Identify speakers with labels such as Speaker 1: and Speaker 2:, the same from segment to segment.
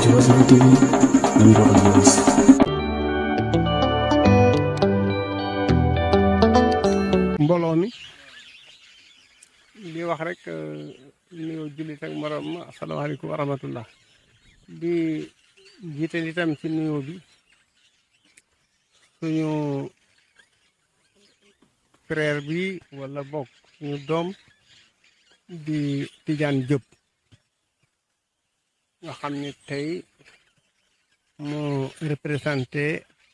Speaker 1: Jawa Seru TV dan Bapak Jelas.
Speaker 2: mbooloo di wax rek eh, nuyoo jullit ak morom wa rahmatullah di jiital itam ci nuyoo bi suñu frère bi wala bok dom di Tidiane Diop nga xam ne tey moo représenté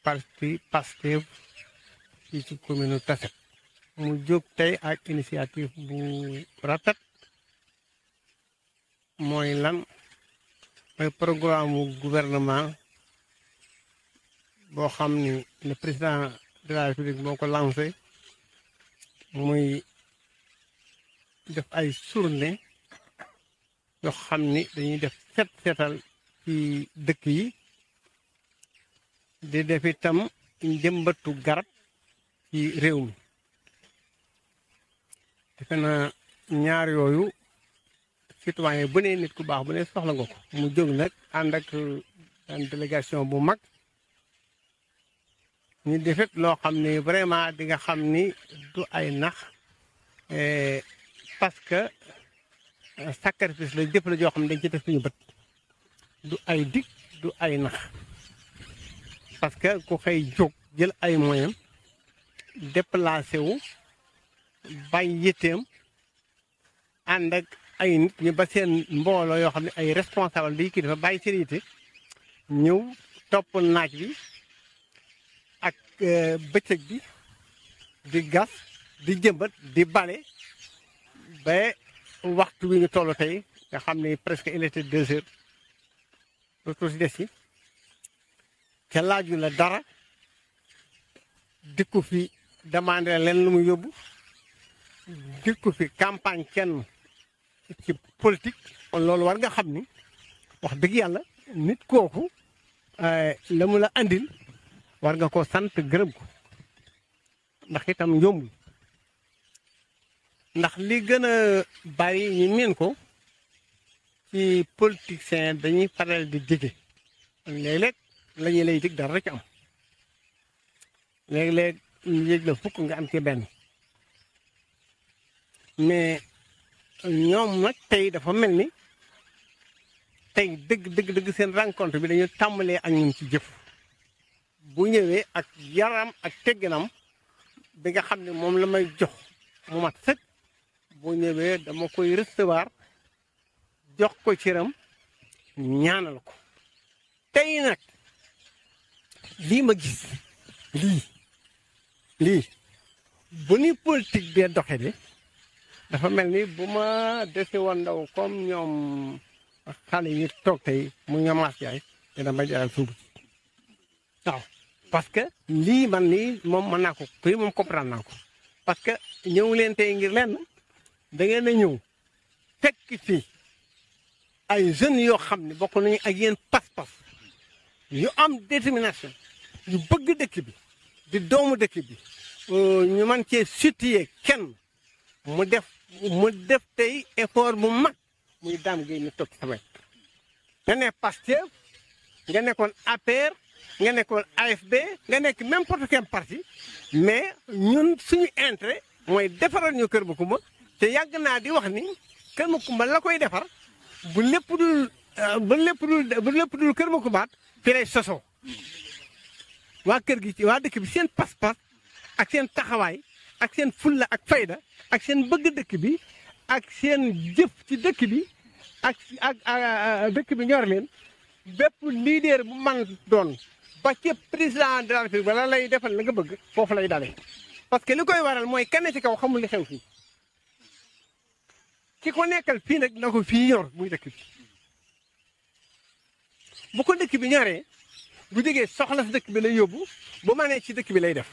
Speaker 2: parti Pastef fii ci commune Tassette mu jóg tey ak initiative bu rafet mooy lan mooy programme mu gouvernement boo xam ni le président de république moo ko lancé muy def ay journée yoo xam ni dañuy def set setal ci dëkk yi di def itam njëmbatu garab ci réew mi defe na ñaar yooyu citoyen bu ne nit ku baax bu ne soxla nga ko mu jóg nag ànd ak an délégation bu mag ñu defit loo xam ni vraiment di nga xam ni du ay nax eh, parce que eh, sacrifice la jëf la joo xam ne dañ ci def suñu bët du ay dig du ay nax parce que ku xëy jóg jël ay moyens déplacé wu bay yitteem ànd ak ay nit ñu ba seen mbooloo yoo xam ne ay responsable day kii dafa bàyyi seen yitte ñëw topp naaj bi ak euh, bëccëg bi di gas di jëmbat di bale ba waxtu wi ñu toll tey nga xam ne presque il était deux heures dootoo si des te laaju la dara dikku fi demandé leen lu mu yóbbu dikku fi campagne kenn ci politique. loolu war nga xam ni wax dëgg yàlla nit kooku euh, la mu la indil war nga ko sant gërëb ko ndax itam yombul ndax li gën a bari ñu miin ko. ci politiciens dañuy faral di jege léeg-léeg la ñuy lay dig dara rek am léeg-léeg ñu yëg la fukk nga am ci benn mais ñoom nag tey dafa mel ni tey dëgg dëgg dëgg seen rencontre bi dañu tàmbalee ak ñun ci jëf bu ñëwee ak yaram ak tegginam bi nga xam ne moom la may jox mu mat sëkk bu ñëwee dama koy recevoir jox ko cëram ñaanal ko tey nag lii ma gis lii lii bu ni politique bee doxe de dafa mel ni bu ma dese woon ndaw comme ñoom xale yi toog tey mu ñomaat yaay te dama jaral suubu waaw parce que lii man ni moom mën naa ko kii moom comprendre naa ko parce que ñëw leen tey ngir lenn dangeen ngeen a ñëw tekki fii ay jeune yo xamni ne bokk nañu ak yeen pass pass yu am détermination yu bëgg dëkk bi di doomu dëkk bi euh, ñu man cee situer kenn mu def mu def tey effort bu mag muy daam géy ñu toog sama nga ne Pastef nga nekkoon APR nga nekkoon AFB nga nekk n'importe quel parti mais ñun suñu intérêt mooy defaral ñu Kër Macoumba te yàgg naa di wax ni Kër bu kuma la koy defar bu lépp dul euh, ba lépp dul ba lépp dul kër ma ko baat fi lay sosoo waa kër gi waa dëkk bi seen pas-pas ak seen taxawaay ak seen fulla ak fayda ak seen bëgg dëkk bi ak seen jëf ci dëkk bi ak ak euh, dëkk bi ñor leen bépp leader bu man doon ba ci président de la république lay defal la nga bëgg foofu lay dalee parce que li koy waral mooy kenn ci kaw xamul li xew fii ki ko nekkal fii nag na ko fii yor muy dëkk bi bu ko dëkk bi ñoree bu jógee soxla si dëkk bi lay yóbbu bu manee ci dëkk bi lay def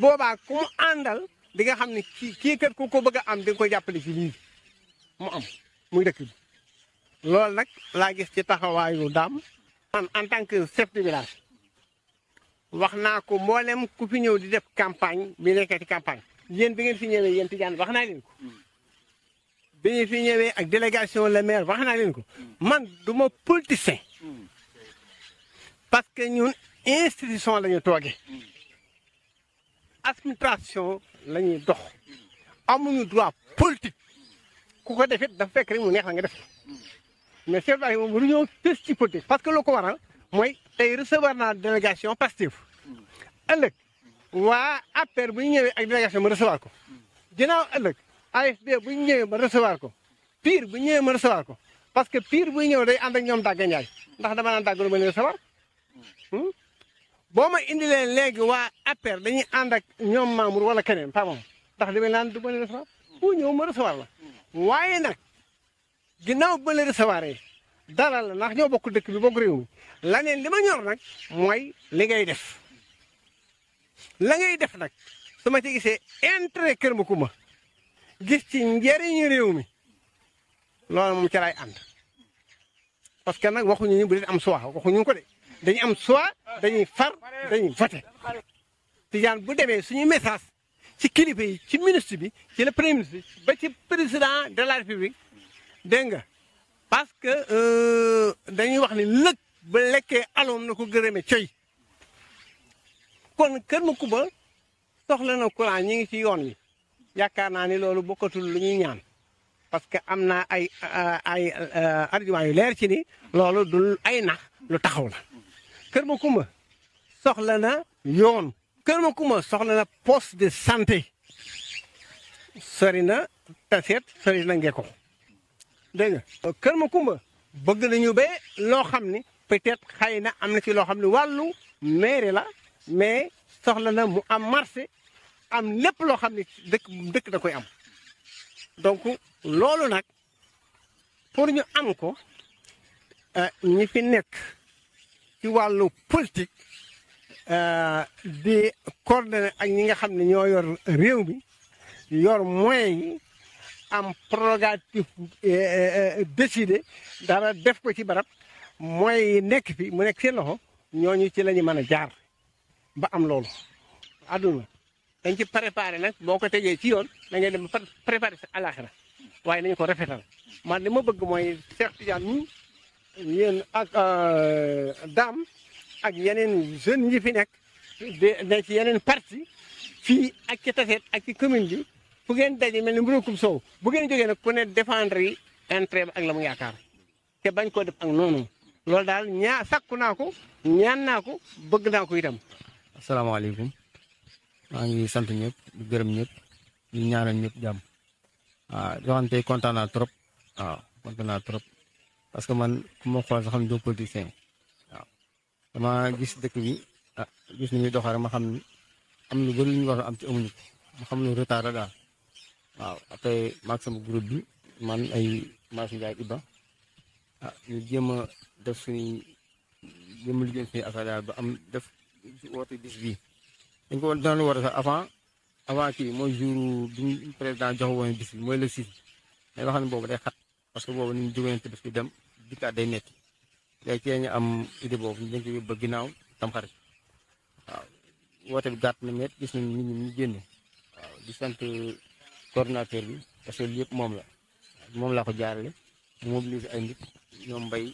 Speaker 2: boobaa ku mu àndal di nga xam ne kii kii kat ku ko bëgg a am di nga ko jàppale ci lii mu am muy dëkk bi loolu nag laa gis ci taxawaayu daam man en tant que chef de wax naa ko mboolem ku fi ñëw di def campagne bi nekkee ci campagne yéen bi ngeen fi ñëwee yéen tijaan wax naa leen ko bi ñu fi ñëwee ak délégation le maire wax naa leen ko man du ma politicien parce que ñun institution la ñu toogee administration la ñuy dox amuñu droit politique ku ko defit dafa fekk rek mu neex la nga def mais chef de moom du ñëw tës ci politique parce que lu ko waral mooy tey recevoir naa délégation Pastef ëllëg waa APR bu ñu ñëwee ak délégation ma recevoir ko ginnaaw ëllëg AFP bu ñu ñëwee ma recevoir ko piir bu ñëwee ma recevoir ko parce que pire buy ñëw day ànd ak ñoom Daga Ndiaye ndax dama naan Daga lu ma leen recevoir hmm? boo ma indi léegi waa APR dañuy ànd ak ñoom Mamour wala keneen pas moom ndax damay naan du ma leen recevoir bu ñëw ma recevoir la waaye nag ginnaaw naw leen recevoir dalal la ndax ñoo bokkul dëkk bi bokk réew mi laneen li ma ñor nag mooy li ngay def la ngay def nag su ma ci gisee intérêt kër kuma gis ci njëriñu réew mi loolu moom ca lay ànd parce que nag waxuñu ñu bu dee am choix waxuñu ko de dañuy am choix dañuy far dañuy voté tijaan bu demee suñu message ci kilifa yi ci ministre bi ci le premier ministre ba ci président de la république dégg nga parce que euh, dañuy wax ni lëkk ba lekkee aloom na ko me coy kon kër ma kuba soxla na courant ñi ngi ci yoon wi yaakaar naa ni loolu bokkatul lu ñuy ñaan parce que am naa ay ay argument yu leer ci ni loolu du ay nax lu taxaw la Kër Macoumba soxla na yoon Kër soxla na poste de santé sori na taseet sori na nge ko dégg nga Kër bëgg nañu ba loo xam ni peut-être xëy na am na ci loo xam ne wàllu mairie la mais soxla na mu am marché am lépp loo xam ne dëkk dëkk da koy am donc loolu nag pour ñu am ko euh, ñi fi nekk ci wàllu politique euh, di coordonné ak ñi nga xam ne ñoo yor réew mi yor moyens am prérogative euh, décidé dara def ko ci barab moyens nekk fi mu nekk seen loxo ñooñu ci la ñu mën a jaar ba am loolu àdduna dañ ci préparer nak boko tejé ci yoon da ngay dem préparer sa alaxira waye nañ ko rafetal man li ma bëgg moy Cheikh Tidiane ñi yéen ak euh, dam ak yenen jeune yi fi nek de ci yenen parti fi ak ci tafet ak ci commune bi fu ngeen dajé melni ni mburookum bu ngeen jógee nak ku ne défendre yi intérêt ak lamu yaakar té bañ ko def ak nonu lol dal ñaa sakku nako ñaan nako bëgg nako itam
Speaker 3: assalamu alaykum maa ngi sant ñëpp di gërëm ñëpp di ñaanal ñëpp jàmm waaw yoo xam kontaan naa trop waaw kontaan naa trop parce que man ku ma xool sax xam ne doo politicien waaw dama gis dëkk bi ah gis ni muy doxare ma xam ni am lu bëri lu ñu war a am ci amuñu ko ma xam lu retard la daal waaw après maag sama groupe bi man ay Mass Ndiaye Iba ah ñu jéem a def suñuy jéem a liggéey suñuy daal ba am def woote bis bi dañ ko daan war a sax avant avant kii mooy jour bi président jox woon bis bi mooy le six mais wax na boobu day xat parce que boobu ni ñu jógee te bis bi dem day metti léegi ci ñu am idée boobu ñu ko ba ginnaaw tam xarit waaw woote bi gàtt na met gis nañ nit ñu génn waaw di sant bi parce que lii yëpp moom la moom laa ko jaarale mu mobiliser ay nit ñoom mbay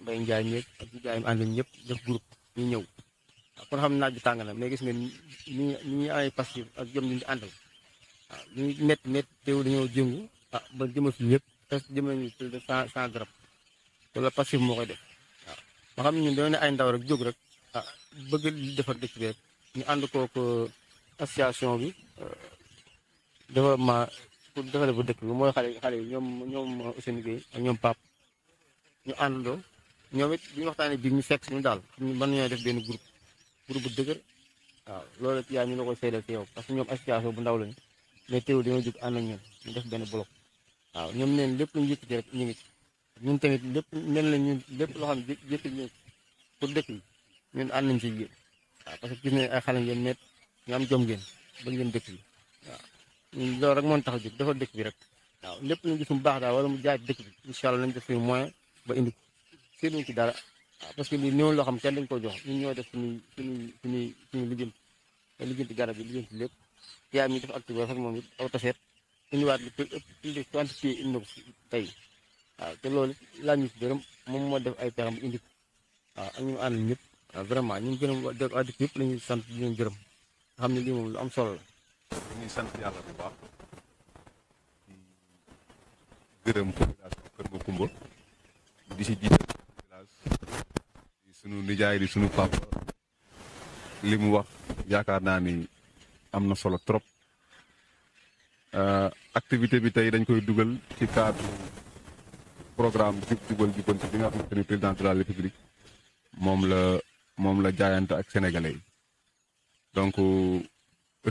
Speaker 3: mbay njaay ñëpp ak mu ànd ñëpp def groupe ñu ñëw kon xam naaj bi tàng na mais gis ngeen ni ni ay passif ak jëm ni andal ah, ni net net teew dañu jëngu ah ba jëmal suñu ñëpp presque jëmal ni ci de cent cent garab wala passif mo koy def waaw ma xam ne dañu ay ndaw rek jog rek ah bëgg defar dëkk bi rek ñu ko ko euh, association bi euh, ma pour defal bu dëkk bi mooy xalé xalé ñom ñom ñoom Gueye ak ñom Pape ñu àndandoo ñoom it bi ñu waxtaanee bi ñu fekk suñu daal man nañoo def benn groupe groupe bu dëgër waaw loolu rek ñu la koy seedal yow parce que ñom association bu ndaw lañu mais téw dañu jóg ànd ak ñun ñu def benn bloc waaw ñom neen lépp luñu yëkkati rek ñu ngi ñun tamit lépp mel na ñun lépp lo xam ne ñu pour dëkk ñun ànd nañ ci yéen waaw parce que gis nañ ay xalé ngeen net ñu am jom ngeen ba ngeen dëkk bi waaw ñun rek moo tax a dafa dëkk bi rek waaw lépp ñu gisum mu baax daal wala mu jaay dëkk bi inshallah allah nañ def moyen ba indi seenu ci dara Ah, parce que lii néew loo xam kenn dañ ko jox ñun ñoo def suñuy suñuy suñuy suñuy garab yi lijjanti lépp yaa mi def acte bi moom it aw taseet indiwaat lu plus de trente pieds indi ko tey te loolu laa ñu si dërëm moom moo def ay pexam indi ko waaw ak ñu mu àndal ñëpp vraiment ñu gërëm waa dëkk yëpp la ñuy sant di gërëm xam ne lu am solo la. ñu sant yàlla bu baax
Speaker 1: di gërëm sunu nijaay di sunu papa li mu wax yaakaar naa ni am na solo trop euh, activité bi tey dañ koy dugal ci cadre programme jub jubal bi nga xamante ni président de la république moom la moom la jaayante ak sénégalais donc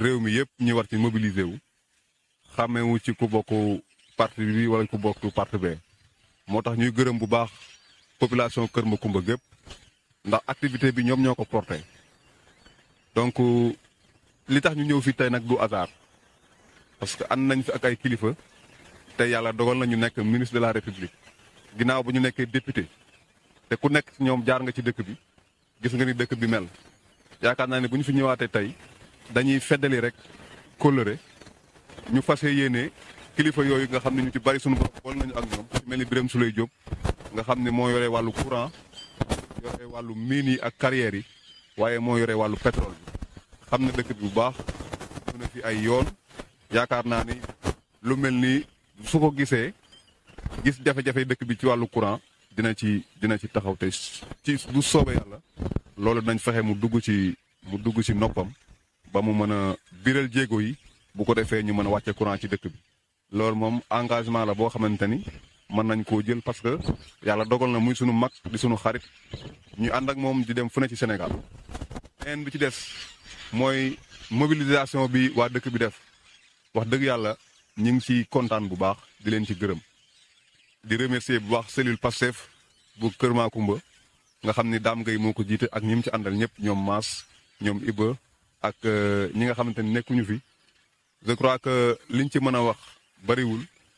Speaker 1: réew mi yëpp ñuy war ci mobiliser wu xamewu ci ku bokk parti bi wala ku bokk parti bee moo tax ñuy gërëm bu baax population Kër ma Macoumba gépp ndax activité bi ñoom ñoo ko porté donc li tax ñu ñëw fii tey nag du hasard parce que ànd nañ fi ak ay kilifa te yàlla dogal na ñu nekk ministre de la république ginnaaw bu ñu nekkee député te ku nekk ñoom jaar nga ci dëkk bi gis nga ni dëkk bi mel yaakaar naa ne bu ñu fi ñëwaatee tey dañuy feddali rek kóllëre ñu fase yéene kilifa yooyu nga xam ne ñu ci bari suñu bopp bool nañu ak ñoom ci mel ni Birame Souleye Diop nga xam ne moo yore wàllu courant yore wàllu mines yi ak carrières yi waaye moo yore wàllu pétrole bi xam na dëkk bi bu baax mu ne fi ay yoon yaakaar naa ni lu mel ni su ko gisee gis jafe-jafe dëkk bi ci wàllu courant dina ci dina ci taxaw te ci bu soobee yàlla loolu dañ fexe mu dugg ci mu dugg ci noppam ba mu mën a biral jéego yi bu ko defee ñu mën a wàcce courant ci dëkk bi loolu moom engagement la boo xamante ni man nañ ko jël parce que yalla dogal na muy suñu mak di suñu xarit ñu and ak mom di dem fune ci Sénégal. beneen bi ci des moy mobilisation bi wa dëkk bi def wax dëgg yalla ñi ngi ci contane bu baax di leen ci gërëm di remercier bu baax cellule passef bu Kër kumba nga xamni ni Dame moko jité ak ñim ci andal ñep ñom Maas ñom ibe ak ñi euh, nga xamanteni nekkuñu fi je crois que liñ ci mëna wax bari wul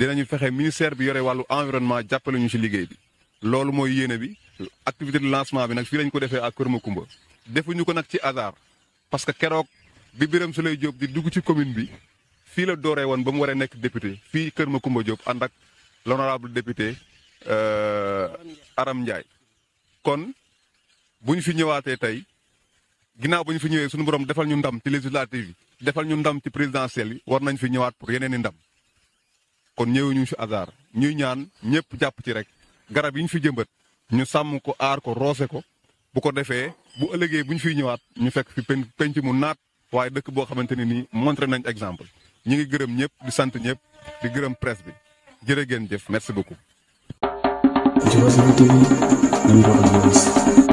Speaker 1: dinañu fexe ministère bi yore wàllu environnement jàppale ñu ci liggéey bi loolu mooy yéene bi activité de lancement bi nag fii lañ ko defee ak Kër Makumba defuñu ko nag ci hasard parce que keroog bi Birame Souleye jóob di dugg ci commune bi fii la dooree woon ba mu waree nekk député fii Kër ma Makumba Diop ànd ak l'honorable député euh, Aram Ndiaye. kon bu ñu fi ñëwaatee tey ginnaaw bu ñu fi ñëwee suñu borom defal ñu ndam ci législative yi defal ñu ndam ci présidentielle yi war nañ fi ñëwaat pour yeneen i ndam. kon ñëwuñu fi hasard ñuy ñaan ñëpp jàpp ci rek garab yi ñu fi jëmbat ñu sàmm ko aar ko roose ko bu ko defee bu ëllëgee bu ñu fiy ñëwaat ñu fekk fi penc mu naat waaye dëkk boo xamante ne nii montré nañ exemple ñu ngi gërëm ñëpp di sant ñëpp di gërëm presse bi jërë ngeen jëf merci
Speaker 2: ko